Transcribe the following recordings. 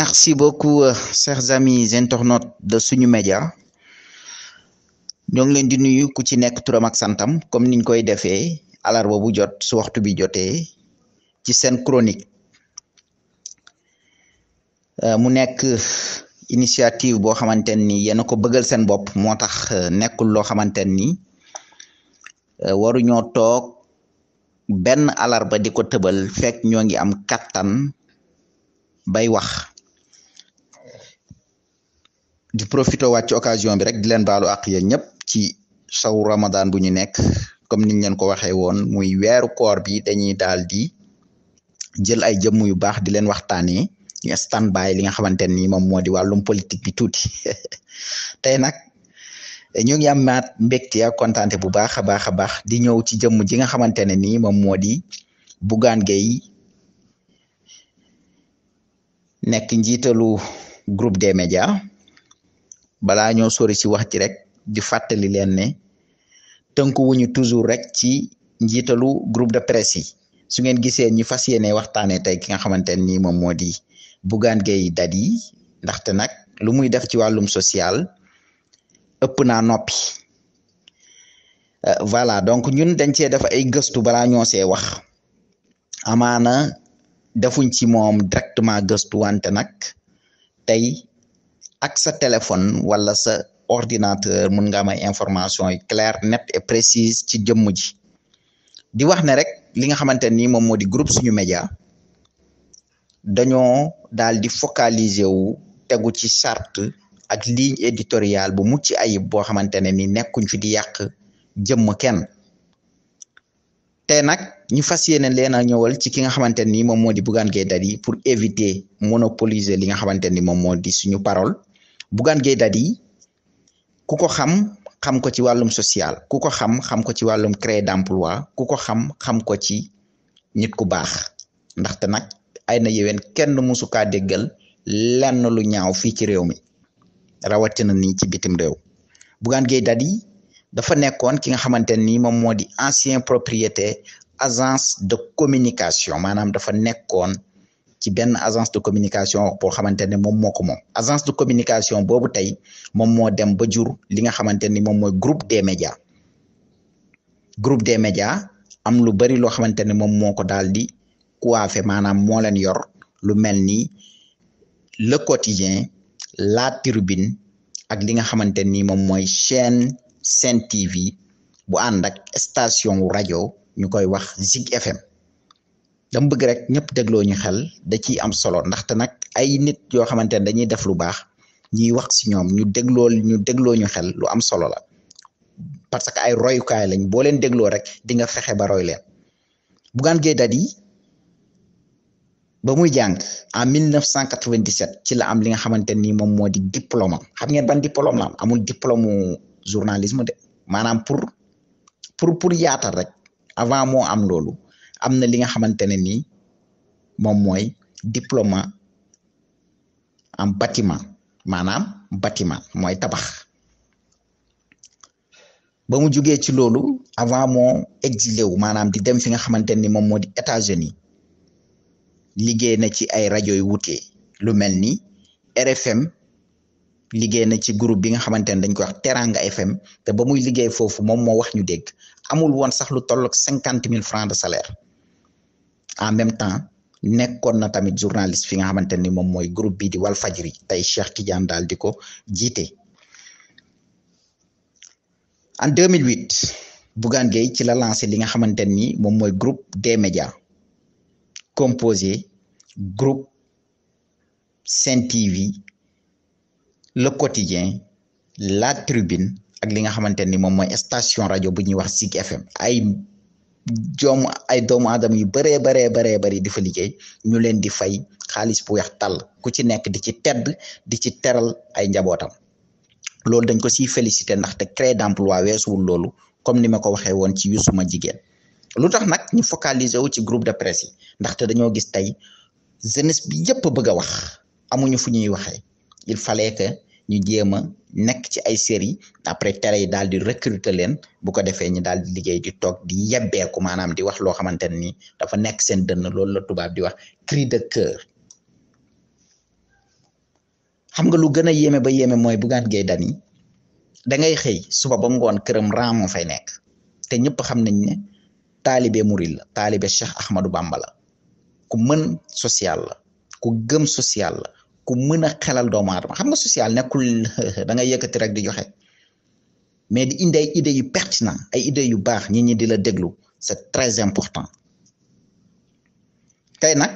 merci beaucoup euh, chers amis internautes de suñu média ñoo ngi leen di nuyu ku ci nekk turam ak santam comme niñ koy defee alarba bu jot su waxtu bi jotee ci seen chronique euh, mu nekk euh, initiative boo xamante ni yéen a ko bëggal seen bopp moo tax nekkul loo xamante ni waruñoo toog benn alarba di ko tëbal fekk ñoo ngi am kattan bay wax di profité waat ci occasion bi rek di leen baalu àq yéen ñëpp ci sawu ramadan bu ñu nekk comme niñ leen ko waxee woon muy weeru koor bi dañuy daal di jël ay jëmm yu baax di leen waxtaanee ñu stand by li nga xamante ni moom moo di wàllum politique bi tuuti tey nag ñu ngi amaat mbégte ak bu baax a baax a baax di ñëw ci jëmm ji nga xamante ne nii moom moo di Bougane Gueye nekk njiitalu groupe des médias balaa ñoo sori ci wax ji rek di fàttali leen ne tënku wuñu toujours rek ci njiitalu groupe de presse yi su ngeen gisee ñi fas yéene waxtaanee tey ki nga xamante ni moom moo di Bougane Gueye Dany ndaxte nag lu muy def ci wàllum social ëpp naa noppi euh, voilà donc ñun dañ cee def ay gëstu balaa ñoo see wax amaana defuñ ci moom directement gëstu wante nag tey ak sa téléphone wala sa ordinateur mun nga am ay information yu claire net et précise ci jëmm ji di wax ne rek li nga xamante ni moom moo di groupe suñu média dañoo daal di focaliser wu tegu ci charte ak ligne éditoriale bu mucc ayib boo xamante ne ni nekkuñ fi di yàq jëmm kenn te nak ñu fas yéene leen a ñëwal ci ki nga xamante ni moom moo di Bougane Gueye Dany pour éviter monopoliser li nga xamante ni moom moo di suñu parole Bougane Gueye Dany ku ko xam xam ko ci wàllum social ku ko xam xam ko ci wàllum créer d'emploi ku ko xam xam ko ci nit ku baax ndaxte nag ay na yéwén kenn mësu kaa déggal lenn lu ñaaw fii ci réew mi rawatina ni ci bitim réew Bougane Gueye Dany dafa nekkoon ki nga xamante ni moom moo di ancien propriétaire agence de communication maanaam dafa nekkoon ci benn agence de communication boo xamante ne moom moo ko moom agence de communication boobu tey moom moo dem ba jur li nga xamante ni moom mooy groupe des médias groupe des média am lu bari loo xamante ne moom moo ko daal di coiffé maanaam moo leen yor lu mel ni le quotidien la ak li nga xamante ni moom mooy chaîne Sen TV bu ànd ak station rajo ñu koy wax Zik FM dama bëgg rek ñëpp dégloo ñu xel da ciy am solo ndaxte nag ay nit yoo xamante ne dañuy def lu baax ñuy wax si ñoom ñu déglool ñu dégloo ñu xel lu am solo la parce que ay royukaay lañ boo leen dégloo rek di nga fexe ba roy leen Bougane Gueye Dany ba muy jàng en 1997 ci la am li nga xamante ni moom moo di diplôme am xam ngeen ban diplôme la am amul diplôme journalisme de maanaam pour pour pour yaatal rek avant moo am loolu am na li nga xamante ne nii moom mooy diplôme en bâtiment maanaam bâtiment mooy tabax ba mu jugee ci loolu avant moo exilé wu maanaam di dem fi nga xamante ni moom moo di États-Unis liggéey na ci ay rajo yu wuute lu mel ni RFM liggéey na ci groupe bi nga xamante ne dañ koy wax Teranga FM te ba muy liggéey foofu moom moo wax ñu dégg amul woon sax lu tollook cinquante mille francs de salaire en même temps nekkoon na tamit journaliste fi nga xamante ni moom mooy groupe bi di Walfadjri tey Cheikh Tidiane daal di ko jiite en 2008 Bougane Gueye ci la lancé li nga xamante ni moom mooy groupe des médias composé groupe Sen TV Le Quotidien La Tribune ak li nga xamante ni moom mooy station rajo bu ñuy wax Zik FM ay joom ay doomu aadama yu baree baree baree bari di fa liggéey ñu leen di fay xaalis bu weex tàll ku ci nekk di ci tedd di ci teral ay njabootam loolu dañ ko siy félicité ndaxte créer d'emploi weesuwul loolu comme ni ma ko waxee woon ci yusuma jigéen lu tax nag ñu focaliser wu ci groupe de presse yi ndaxte dañoo gis tey jeunesse bi yëpp bëgg a wax amuñu fu ñuy waxee il fallait ñu jéem a nekk ci ay série après télé yi daal di recruter leen bu ko defee ñu daal di liggéey di toog di yebbeeku maanaam di wax loo xamante ne nii dafa nekk seen dënn loolu la tubaab di wax cri de cœur xam nga lu gën a yéeme ba yéeme mooy Bougane Gueye Dany da ngay xëy suba ba ngoon këram ran moo fay nekk te ñëpp xam nañ ne taalibe murid la taalibe Cheikh Ahmadou Bamba ku mën social la ku gëm social la ku mën a xelal doomu aadama xam nga social nekkul da nga yëkkati rek di joxe mais di indi ay idées yu pertinent ay idées yu baax nit ñi di la déglu c'est très important tey nag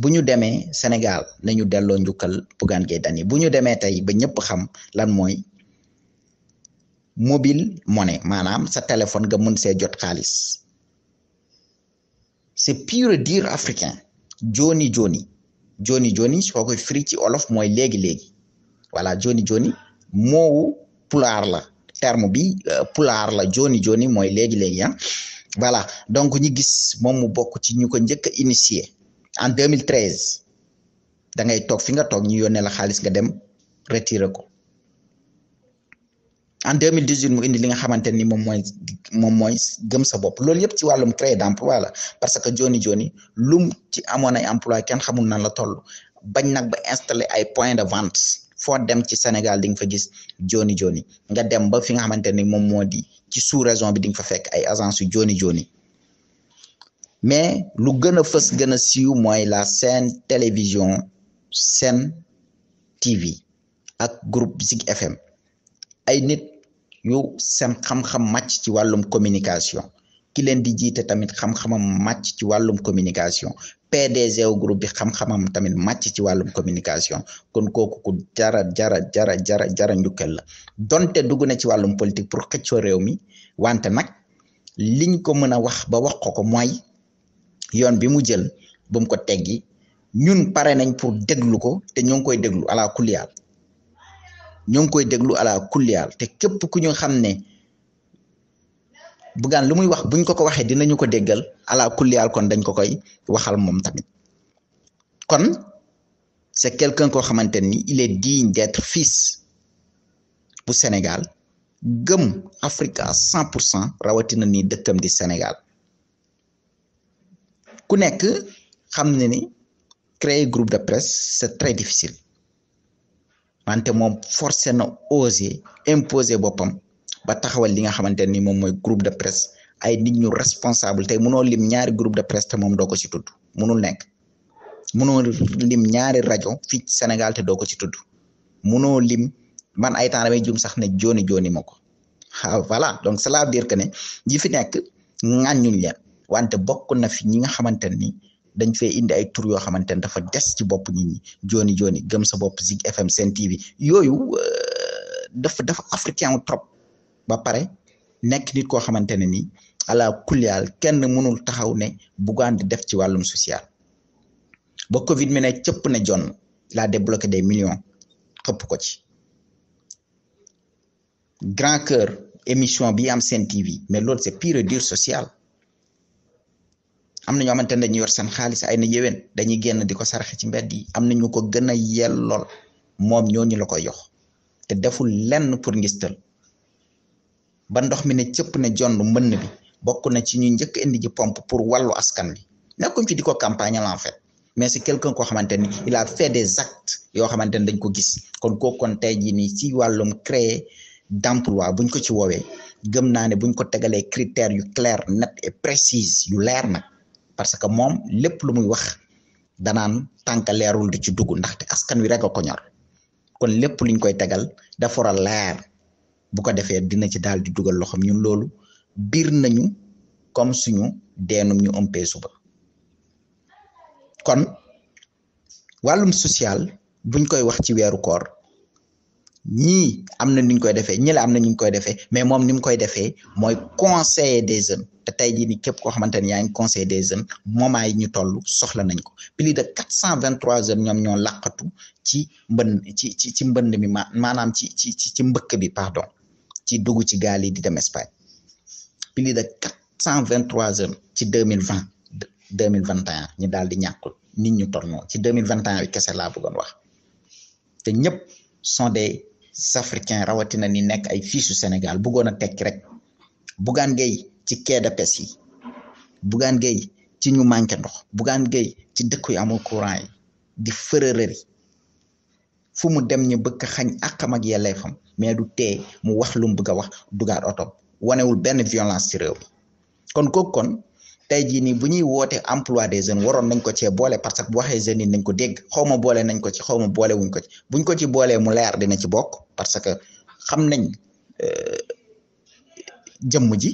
bu ñu demee Sénégal la ñu delloo njukkal Bougane Gueye Dany bu ñu demee tey ba ñëpp xam lan mooy mobile money maanaam sa téléphone nga mën see jot xaalis c'est pure dire africain jooni jooni joni joni so koy firi ci olof mooy léegi léegi voilà joni joni moowu poulaar la terme bi euh, pulaar la joni joni mooy léegi léegi ah voilà donc ñi gis moom mu bokk ci ñu ko njëkk a initié en 2013 da ngay toog fi nga toog ñu yónnee la xaalis nga dem retirer ko. en 2018 mu indi li nga xamante ni moom mooy moom mooy gëm sa bopp loolu yëpp ci wàllum créer d'emploi la parce que joni joni lum ci amoon ay emploi kenn xamul nan la toll bañ nag ba installer ay point de vente foo dem ci Sénégal di nga fa gis joni joni nga dem ba fi nga xamante ni moom moo di ci sous raison bi di nga fa fekk ay agence yu joni joni mais lu gën a fës gën a siiw mooy la Sen Télévision Sen TV ak groupe Zik FM ay nit yu seen xam-xam màcc ci wàllum communication ki leen di jiite tamit xam-xamam màcc ci wàllum communication PDG wu groupe bi xam-xamam tamit màcc ci wàllum communication kon kooku ku jara jara jara jara jara njukkal la donte dugg na ci wàllum politique pour xëccoo réew mi wante nag liñ ko mën a wax ba wax ko ko mooy yoon bi mu jël ba ko teggi ñun pare nañ pour déglu ko te ñoo ngi koy déglu ala kuliyal ñoo ngi koy déglu ala kulliyaal te képp ku ñu xam ne Bougane lu muy wax buñ ko ko waxee dinañu ko déggal ala kulliyaal kon dañ ko koy waxal moom tamit kon c'est quelqu'un koo xamante ni il est digne d'être fils bu Sénégal gëm Afrique à cent pour cent rawatina ni dëkkam di Sénégal ku nekk xam ne ni créer groupe de presse c'est très difficile wante moom forcé no osé imposer boppam ba taxawal li nga xamante ni moom mooy groupe de presse ay nit ñu responsable tey mënoo lim ñaari groupe de presse te moom doo ko ci tudd mënul nekk mënoo lim ñaari rajo fii ci Sénégal doo ko ci tudd mënoo lim man ay temps damay jum sax ne jooni jooni ma ko ah voilà donc cela veut dire que ne ñi fi nekk ŋàññuñ leen wante bokk na fi ñi nga xamante ni dañ fee indi ay tur yoo xamante ne dafa des ci bopp nit ñi joni joni gëm sa bopp Zik FM Sen TV yooyu euh, dafa dafa africain wu trop ba pare nekk nit koo xamante ne ni ala kulyaal kenn mënul taxaw ne Bougane di def ci wàllum social ba Covid mi ne cëpp ne jonn laa débloqué des millions xëpp ko ci grand cœur émission bi am Sen TV mais loolu se pire dur sociale am na ñoo xamante ne dañuy yor seen xaalis ay na yéwén dañuy génn di ko saraxe ci mbedd yi am na ñu ko gën a yellool moom ñooñu la koy jox te deful lenn pour ngistal ba ndox mi ne cëpp ne jond mbënn bi bokk na ci ñu njëkk indi ji pompe pour wàllu askan bi nekkuñ fi di ko campagne en fait mais si quelqu'un koo xamante ni il a des actes yoo xamante ni dañ ko gis kon kooku kon tey jii nii ci wàllum créer d'emploi buñ ko ci woowee gëm naa ne buñ ko tegalee critères yu clair net et précis yu leer nag parce que moom lépp lu muy wax danaan tànk leerul du ci dugg ndaxte askan wi rek a ko ñor kon lépp luñ koy tegal dafa war leer bu ko defee dina ci daal di dugal loxoom ñun loolu biir nañu comme suñu deenum ñu ëmpee suba kon wàllum social buñ koy wax ci weeru koor ñii am na ni ñu koy defee ñi la am na ñu ngi koy defee mais moom ni mu koy defee mooy conseiller des jeunes te tey jii ni képp koo xamante ni yaa ngi conseiller des jeunes moment yi ñu toll soxla nañ ko plus de quatre cent vingt trois jeunes ñoom ñoo làqatu ci mbënn ci ci ci mbënd mi ma maanaam ci ci ci ci mbëkk bi pardon ci dugg ci gaal yi di dem Espagne de quatre cent vingt jeunes ci deux mille vingt deux mille vingt et ñu daal di ñàkkul nit ñu toll noonu ci deux mille vingt et un kese laa bëggoon wax te ñëpp sont des safricain rawatina ni nekk ay fii su Sénégal buggoon a tekki rek Bougane Gueye ci quai de pêche yi Bougane Gueye ci ñu manqué ndox Bougane Gueye ci dëkku yu amul courant yi di fërërëri fu mu dem ñu bëgg xañ àqam ak yelleefam mais du tee mu wax lu mu bëgg a wax dugaat oto benn violence ci réew kon kooku kon tey jii nii bu ñuy woote emplois de jeune waroon nañ ko cee boole parce que bu waxee jeunes nañ ko dégg xawma boole nañ ko ci xaw ma boole wuñ ko ci buñ ko ci boolee mu leer dina ci bokk parce que xam nañ euh, jëmm ji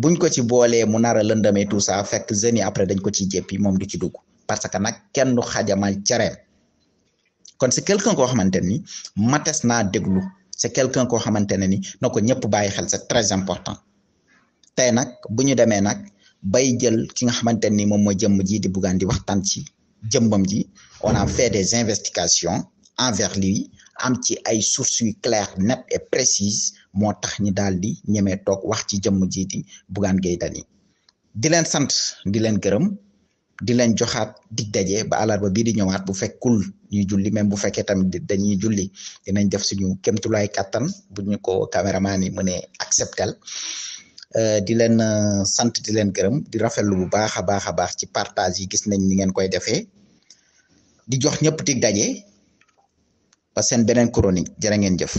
buñ ko ci boolee mu nar a lëndamee tout ça fekk jeunes yi après dañ ko ciy jéppi moom du ci dugg parce que nag kenn du xajamal cereem kon c'est quelqu'un koo xamante ni mates naa déglu c'est quelqu'un koo xamante ne ni na ko ñëpp bàyyi xel c'est très important tey nag bu ñu demee nag. bay jël ki nga xamante ni moom mooy jëmm ji di buggaan di waxtaan ci jëmbam ji on a fait des investigations envers lui am ci ay sources yu claires nettes et précises moo tax ñi daal di ñeme toog wax ci jëmm ji di buggaan gay di leen sant di leen gërëm di leen joxaat di daje ba àllarba bii di ñëwaat bu fekkul ñuy julli même bu fekkee tamit dañuy julli dinañ def suñu kémtulaay kàttan bu ñu ko caméraman mu ne acceptel Euh, di leen euh, sant di leen gërëm di rafetlu bu baax a baax a baax ci partage yi gis nañ ni ngeen koy defee di jox ñëpp di daje ba seen beneen chronique jërë ngeen jëf.